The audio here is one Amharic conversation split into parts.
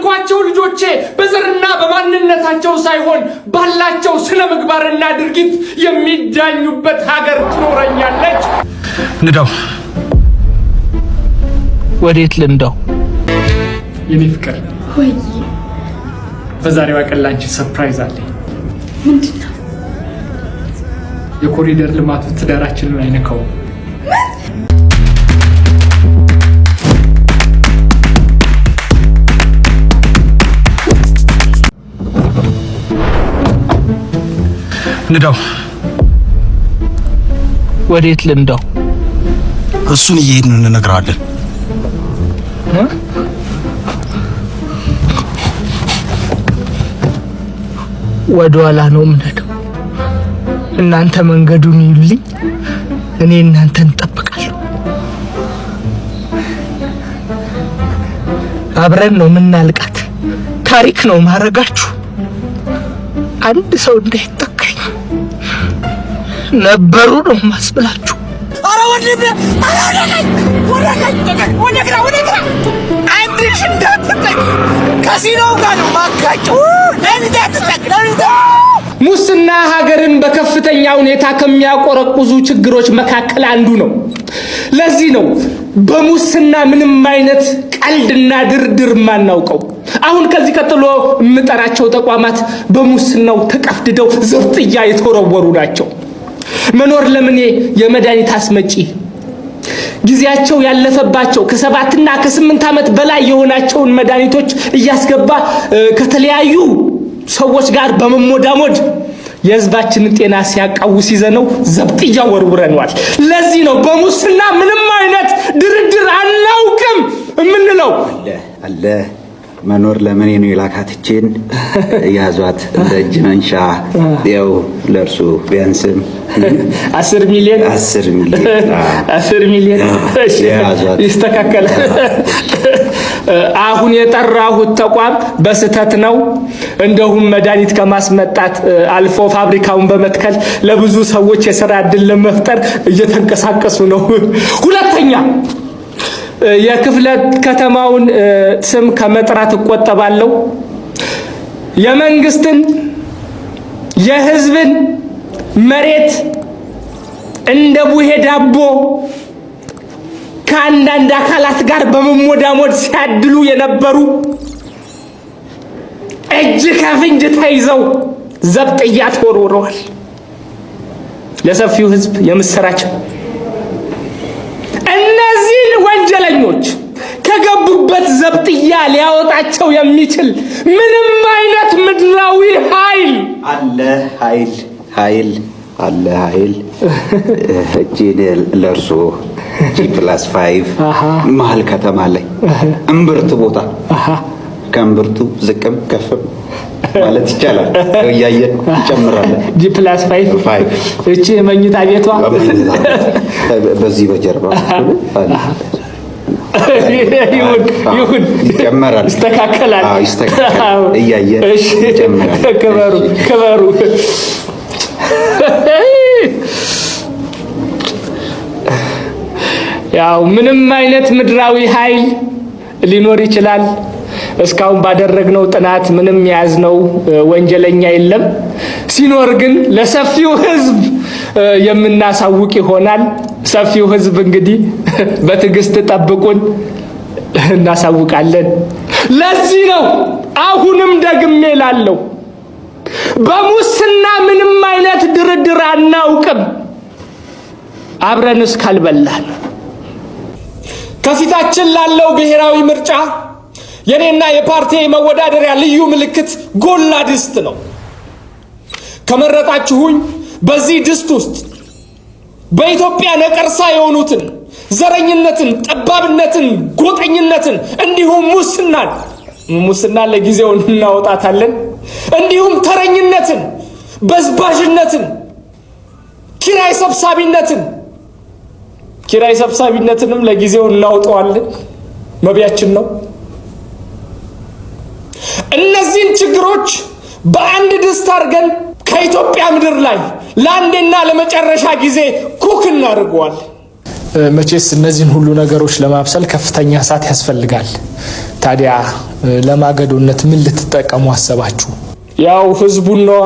የወለድኳቸው ልጆቼ በዘርና በማንነታቸው ሳይሆን ባላቸው ስነ ምግባርና ድርጊት የሚዳኙበት ሀገር ትኖረኛለች። ንዳው ወዴት ልንዳው? የኔ ፍቅር በዛሬዋ ቀን ላንቺ ሰርፕራይዝ አለ። ምንድነው? የኮሪደር ልማቱ ትዳራችንን አይነካውም። ንዳው። ወዴት ልንዳው? እሱን እየሄድን እንነግርሃለን። ወደ ኋላ ነው የምንሄደው። እናንተ መንገዱን ይዩልኝ፣ እኔ እናንተን እንጠብቃለሁ። አብረን ነው የምናልቃት። ታሪክ ነው ማረጋችሁ አንድ ሰው እንዳይጠ ነበሩ ነው ማስብላችሁ። አረ ወንድሜ አላደረኝ ወደቀኝ ጋር ነው ሙስና ሀገርን በከፍተኛ ሁኔታ ከሚያቆረቁዙ ችግሮች መካከል አንዱ ነው። ለዚህ ነው በሙስና ምንም አይነት ቀልድና ድርድር የማናውቀው። አሁን ከዚህ ቀጥሎ የምጠራቸው ተቋማት በሙስናው ተቀፍድደው ዘብጥያ የተወረወሩ ናቸው። መኖር ለምኔ የመድኃኒት አስመጪ ጊዜያቸው ያለፈባቸው ከሰባትና ከስምንት ዓመት በላይ የሆናቸውን መድኃኒቶች እያስገባ ከተለያዩ ሰዎች ጋር በመሞዳሞድ የህዝባችንን ጤና ሲያቃውስ ይዘነው ዘብጥያ ወርውረነዋል። ለዚህ ነው በሙስና ምንም አይነት ድርድር አናውቅም የምንለው። አለ አለ መኖር ለምን ነው የላካትችን ያዟት እንደ እጅ መንሻ ያው ለእርሱ ቢያንስም አስር ሚሊዮን አስር ሚሊዮን አስር ሚሊዮን ይስተካከላል። አሁን የጠራሁት ተቋም በስህተት ነው። እንደሁም መድኃኒት ከማስመጣት አልፎ ፋብሪካውን በመትከል ለብዙ ሰዎች የስራ ዕድል ለመፍጠር እየተንቀሳቀሱ ነው። ሁለተኛ የክፍለ ከተማውን ስም ከመጥራት እቆጠባለሁ። የመንግስትን የህዝብን መሬት እንደ ቡሄ ዳቦ ከአንዳንድ አካላት ጋር በመሞዳሞድ ሲያድሉ የነበሩ እጅ ከፍንጅ ተይዘው ዘብጥያ ተወርውረዋል። ለሰፊው ህዝብ የምስራች እነዚህን ወንጀለኞች ከገቡበት ዘብጥያ ሊያወጣቸው የሚችል ምንም አይነት ምድራዊ ኃይል አለ ኃይል ኃይል አለ ኃይል እጅን ለእርሶ ጂ ፕላስ ፋይቭ መሀል ከተማ ላይ እምብርት ቦታ ከእምብርቱ ዝቅም ከፍም ማለት ይቻላል። እያየን እንጨምራለን። ጂ ፕላስ ፋይቭ እቺ መኝታ ቤቷ በዚህ በጀርባ ይሁን ይጨመራል፣ ይስተካከላል። እያየን ክበሩ ክበሩ። ያው ምንም አይነት ምድራዊ ኃይል ሊኖር ይችላል እስካሁን ባደረግነው ጥናት ምንም የያዝነው ወንጀለኛ የለም። ሲኖር ግን ለሰፊው ህዝብ የምናሳውቅ ይሆናል። ሰፊው ህዝብ እንግዲህ በትዕግስት ጠብቁን፣ እናሳውቃለን። ለዚህ ነው አሁንም ደግሜ ላለው በሙስና ምንም አይነት ድርድር አናውቅም አብረን እስካልበላን ከፊታችን ላለው ብሔራዊ ምርጫ የኔና የፓርቲ መወዳደሪያ ልዩ ምልክት ጎላ ድስት ነው። ከመረጣችሁኝ በዚህ ድስት ውስጥ በኢትዮጵያ ነቀርሳ የሆኑትን ዘረኝነትን፣ ጠባብነትን፣ ጎጠኝነትን እንዲሁም ሙስናን ሙስናን ለጊዜው እናወጣታለን እንዲሁም ተረኝነትን፣ በዝባዥነትን፣ ኪራይ ሰብሳቢነትን ኪራይ ሰብሳቢነትንም ለጊዜው እናውጠዋለን። መብያችን ነው። እነዚህን ችግሮች በአንድ ድስት አድርገን ከኢትዮጵያ ምድር ላይ ለአንዴና ለመጨረሻ ጊዜ ኩክ እናድርገዋል። መቼስ እነዚህን ሁሉ ነገሮች ለማብሰል ከፍተኛ እሳት ያስፈልጋል። ታዲያ ለማገዶነት ምን ልትጠቀሙ አሰባችሁ? ያው ህዝቡን ነዋ።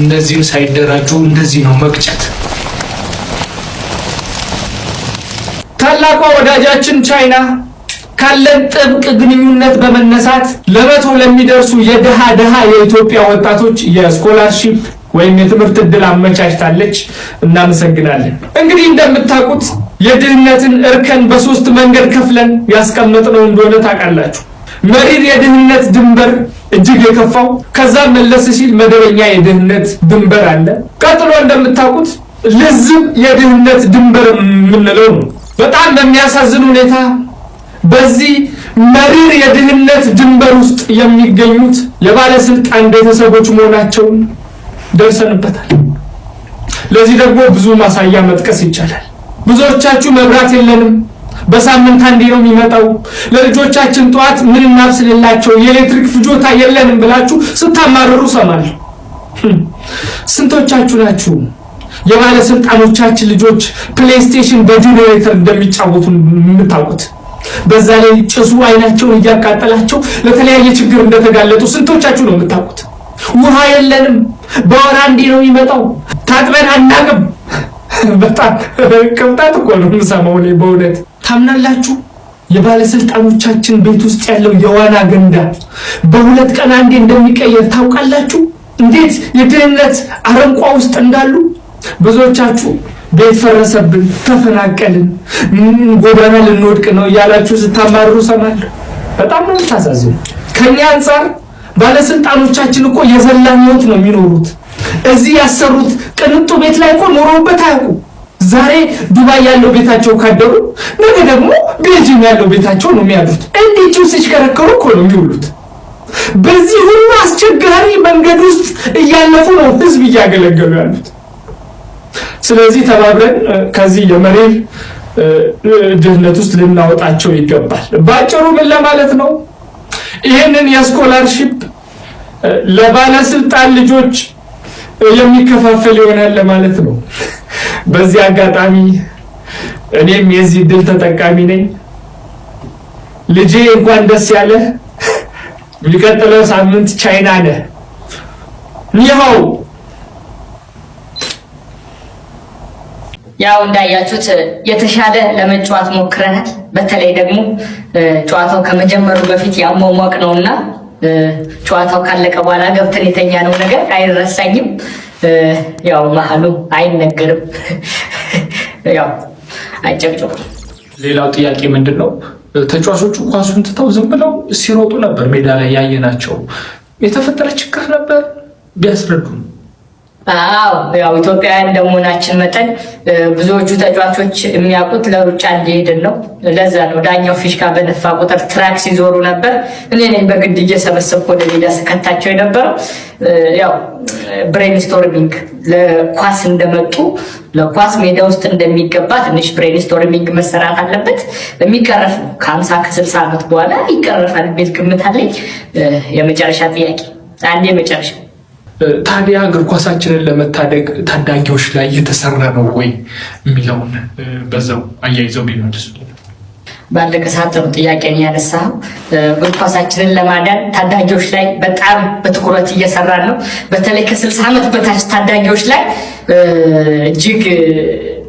እነዚህን ሳይደራጁ እንደዚህ ነው መቅጨት። ታላቋ ወዳጃችን ቻይና ካለን ጥብቅ ግንኙነት በመነሳት ለመቶ ለሚደርሱ የድሃ ድሃ የኢትዮጵያ ወጣቶች የስኮላርሺፕ ወይም የትምህርት እድል አመቻችታለች። እናመሰግናለን። እንግዲህ እንደምታውቁት የድህነትን እርከን በሶስት መንገድ ከፍለን ያስቀመጥነው እንደሆነ ታውቃላችሁ። መሪር የድህነት ድንበር እጅግ የከፋው ከዛ መለስ ሲል መደበኛ የድህነት ድንበር አለ። ቀጥሎ እንደምታውቁት ልዝብ የድህነት ድንበር የምንለው ነው። በጣም በሚያሳዝን ሁኔታ በዚህ መሪር የድህነት ድንበር ውስጥ የሚገኙት የባለስልጣን ቤተሰቦች መሆናቸውን ደርሰንበታል። ለዚህ ደግሞ ብዙ ማሳያ መጥቀስ ይቻላል። ብዙዎቻችሁ መብራት የለንም በሳምንት አንዴ ነው የሚመጣው። ለልጆቻችን ጠዋት ምን እናብስልላቸው፣ የኤሌክትሪክ ፍጆታ የለንም ብላችሁ ስታማርሩ ሰማል? Hm። ስንቶቻችሁ ናችሁ የባለስልጣኖቻችን ልጆች ፕሌይስቴሽን በጀኔሬተር እንደሚጫወቱ የምታውቁት? በዛ ላይ ጭሱ አይናቸውን እያቃጠላቸው ለተለያየ ችግር እንደተጋለጡ ስንቶቻችሁ ነው የምታውቁት? ውሃ የለንም፣ በወር አንዴ ነው የሚመጣው፣ ታጥበን አናቅም። በጣም ቅምጣት እኮ ነው የምሰማው በእውነት ታምናላችሁ? የባለስልጣኖቻችን ቤት ውስጥ ያለው የዋና ገንዳ በሁለት ቀን አንዴ እንደሚቀየር ታውቃላችሁ? እንዴት የድህነት አረንቋ ውስጥ እንዳሉ ብዙዎቻችሁ ቤት ፈረሰብን፣ ተፈናቀልን፣ ጎዳና ልንወድቅ ነው እያላችሁ ስታማሩ ሰማለሁ። በጣም ነው የምታሳዝኑ። ከኛ አንጻር ባለስልጣኖቻችን እኮ የዘላን ህይወት ነው የሚኖሩት። እዚህ ያሰሩት ቅንጡ ቤት ላይ እኮ ኖረውበት አያውቁ። ዛሬ ዱባይ ያለው ቤታቸው ካደሩ ነገ ደግሞ ቤልጅም ያለው ቤታቸው ነው የሚያሉት። እንዴት ሲሽከረከሩ እኮ ነው የሚውሉት። በዚህ ሁሉ አስቸጋሪ መንገድ ውስጥ እያለፉ ነው ህዝብ እያገለገሉ ያሉት። ስለዚህ ተባብረን ከዚህ የመሬል ድህነት ውስጥ ልናወጣቸው ይገባል። በአጭሩ ምን ለማለት ነው? ይህንን የስኮላርሺፕ ለባለስልጣን ልጆች የሚከፋፈል ይሆናል ለማለት ነው። በዚህ አጋጣሚ እኔም የዚህ ድል ተጠቃሚ ነኝ። ልጄ እንኳን ደስ ያለ የሚቀጥለው ሳምንት ቻይና ነህ። ይኸው ያው እንዳያችሁት የተሻለ ለመጫወት ሞክረናል። በተለይ ደግሞ ጨዋታው ከመጀመሩ በፊት ያሟሟቅ ነውና ጨዋታው ካለቀ በኋላ ገብተን የተኛ ነው ነገር አይረሳኝም። ያው መሀሉ አይነገርም። ያው አጨቅጭቁ። ሌላው ጥያቄ ምንድን ነው? ተጫዋቾቹ ኳሱን ትተው ዝም ብለው ሲሮጡ ነበር ሜዳ ላይ ያየናቸው። የተፈጠረ ችግር ነበር ቢያስረዱም አዎ ያው ኢትዮጵያውያን እንደመሆናችን መጠን ብዙዎቹ ተጫዋቾች የሚያውቁት ለሩጫ እንዲሄድን ነው። ለዛ ነው ዳኛው ፊሽካ በነፋ ቁጥር ትራክ ሲዞሩ ነበር። እኔ ነኝ በግድ እየሰበሰብኩ ወደ ሜዳ ስከታቸው የነበረው። ያው ብሬንስቶርሚንግ ለኳስ እንደመጡ ለኳስ ሜዳ ውስጥ እንደሚገባ ትንሽ ብሬንስቶርሚንግ መሰራት አለበት። የሚቀረፍ ነው ከሀምሳ ከስልሳ ዓመት በኋላ ይቀረፋል የሚል ግምት አለኝ። የመጨረሻ ጥያቄ አንዴ መጨረሻ ታዲያ እግር ኳሳችንን ለመታደግ ታዳጊዎች ላይ የተሰራ ነው ወይ የሚለውን በዛው አያይዘው ቢመልሱ ባለቀ ሰዓት ጥሩ ጥያቄ ነው እግር ኳሳችንን ለማዳን ታዳጊዎች ላይ በጣም በትኩረት እየሰራ ነው። በተለይ ከስልሳ ዓመት በታች ታዳጊዎች ላይ እጅግ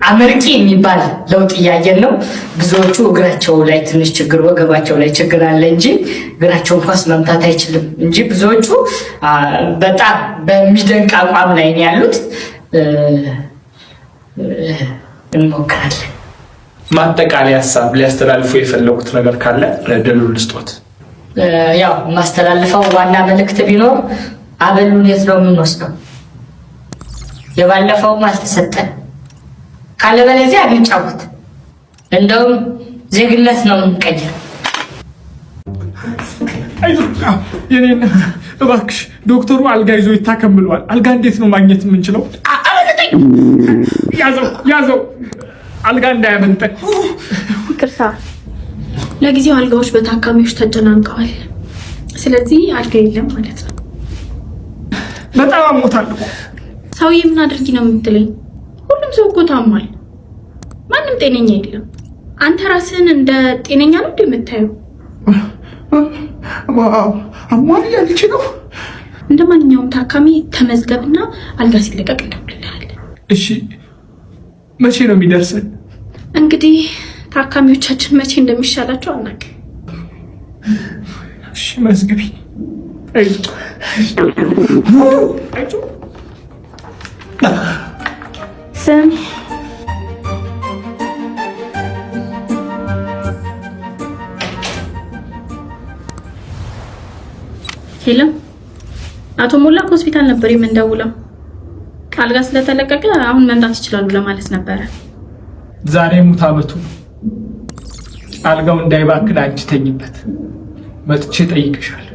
አመርቂ የሚባል ለውጥ እያየን ነው። ብዙዎቹ እግራቸው ላይ ትንሽ ችግር፣ ወገባቸው ላይ ችግር አለ እንጂ እግራቸውን ኳስ መምታት አይችልም እንጂ ብዙዎቹ በጣም በሚደንቅ አቋም ላይ ያሉት። እንሞክራለን ማጠቃለያ ሀሳብ ሊያስተላልፉ የፈለጉት ነገር ካለ ደሉል ልስጦት። ያው የማስተላልፈው ዋና መልእክት ቢኖር አበሉን የት ነው የምንወስደው? የባለፈውም አልተሰጠን ካለበለዚያ አግንጫውት እንደውም ዜግነት ነው የምንቀይር። እባክሽ ዶክተሩ አልጋ ይዞ ይታከምለዋል አልጋ እንዴት ነው ማግኘት የምንችለው? ያዘው ያዘው አልጋ እንዳያመልጠን። ይቅርታ፣ ለጊዜው አልጋዎች በታካሚዎች ተጨናንቀዋል። ስለዚህ አልጋ የለም ማለት ነው። በጣም አሞታለሁ። ሰውዬ ምን አድርጊ ነው የምትለኝ? ሁሉም ሰው እኮ ታሟል። ማንም ጤነኛ የለም። አንተ ራስህን እንደ ጤነኛ ነው የምታየው? አሟል ያልች ነው። እንደ ማንኛውም ታካሚ ተመዝገብና አልጋ ሲለቀቅ እንደውልልሃል። እሺ መቼ ነው የሚደርስን? እንግዲህ ታካሚዎቻችን መቼ እንደሚሻላቸው አናውቅም። እሺ መዝግቢ። ስም ሄሎ። አቶ ሞላ ሆስፒታል ነበር የምንደውለው አልጋ ስለተለቀቀ አሁን መምጣት ይችላሉ ለማለት ነበረ። ዛሬ ሙት አመቱ አልጋው እንዳይባክል አንቺ ተኝበት፣ መጥቼ ጠይቅሻል።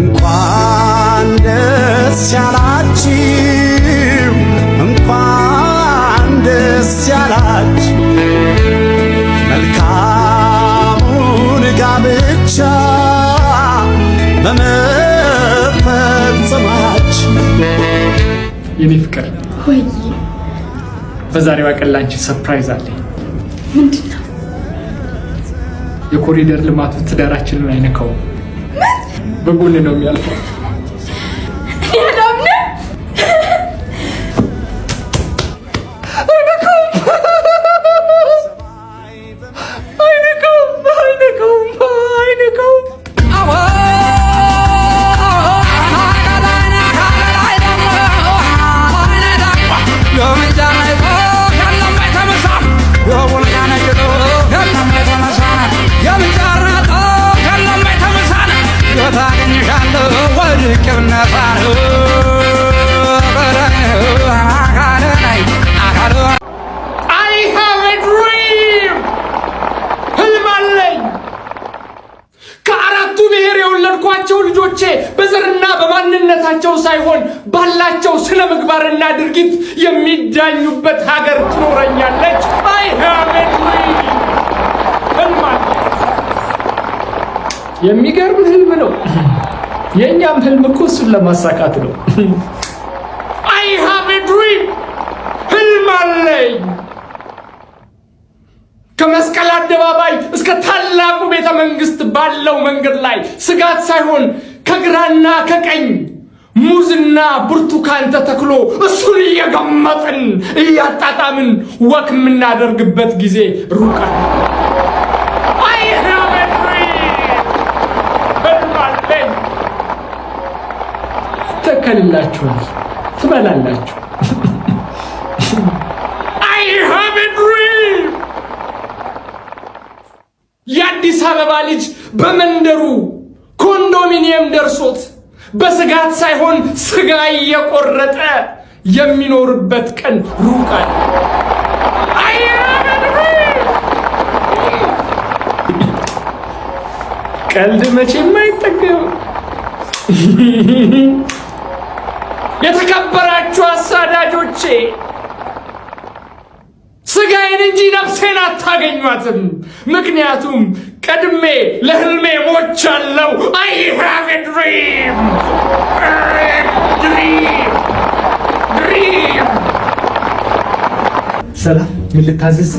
እንኳን በመፈጸማች የኔ ፍቅር ወይ በዛሬዋ ቀን ላንቺ ሰርፕራይዝ አለኝ። ምንድን ነው? የኮሪደር ልማቱ ትዳራችንን አይነካውም፣ በጎን ነው የሚያልፈው። ህልም አለኝ። ከአራቱ ብሔር የወለድኳቸው ልጆቼ በዘርና በማንነታቸው ሳይሆን ባላቸው ስነ ምግባርና ድርጊት የሚዳኙበት ሀገር ትኖረኛለች። አይ የሚገርም ህልም ነው። የእኛም ህልም እኮ እሱን ለማሳካት ነው። አይ ሃቭ ኤ ድሪም፣ ህልም አለኝ። ከመስቀል አደባባይ እስከ ታላቁ ቤተ መንግስት ባለው መንገድ ላይ ስጋት ሳይሆን ከግራና ከቀኝ ሙዝና ብርቱካን ተተክሎ እሱን እየገመጥን እያጣጣምን ወክ የምናደርግበት ጊዜ ሩቃል። ይከለከልላችኋል፣ ትበላላችሁ። የአዲስ አበባ ልጅ በመንደሩ ኮንዶሚኒየም ደርሶት በስጋት ሳይሆን ስጋ እየቆረጠ የሚኖርበት ቀን ሩቃል። ቀልድ መቼም አይጠገብም። የተከበራችሁ አሳዳጆቼ ስጋዬን እንጂ ነፍሴን አታገኟትም። ምክንያቱም ቀድሜ ለህልሜ ሞቻለሁ። አይ ሃቭ ኤ ድሪም ድሪም ድሪም። ሰላም፣ ምን ልታዘዝ?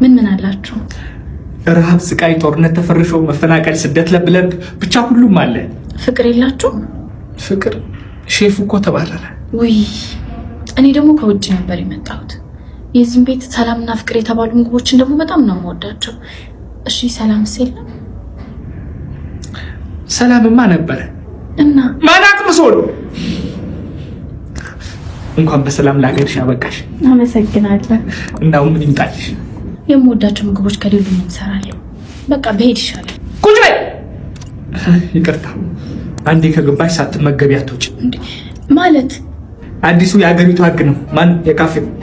ምን ምን አላችሁ? ረሃብ፣ ስቃይ፣ ጦርነት፣ ተፈርሾ፣ መፈናቀል፣ ስደት፣ ለብለብ ብቻ ሁሉም አለ። ፍቅር የላችሁ? ፍቅር ሼፍ እኮ ተባረረ። ውይ እኔ ደግሞ ከውጭ ነበር የመጣሁት። የዚህም ቤት ሰላምና ፍቅር የተባሉ ምግቦችን ደግሞ በጣም ነው የምወዳቸው። እሺ ሰላም የለም? ሰላምማ ነበረ እና ማናቅ ምሶል እንኳን በሰላም ለሀገርሽ አበቃሽ። አመሰግናለሁ። እናው ምን ይምጣልሽ? የምወዳቸው ምግቦች ከሌሉ ምን እሰራለሁ? በቃ በሄድ ይሻላል። ቁጭ በይ። ይቅርታ አንዴ ከገባሽ ሳትመገቢ አትወጪ ማለት አዲሱ የአገሪቱ ህግ ነው። ማን የካፌ ነው?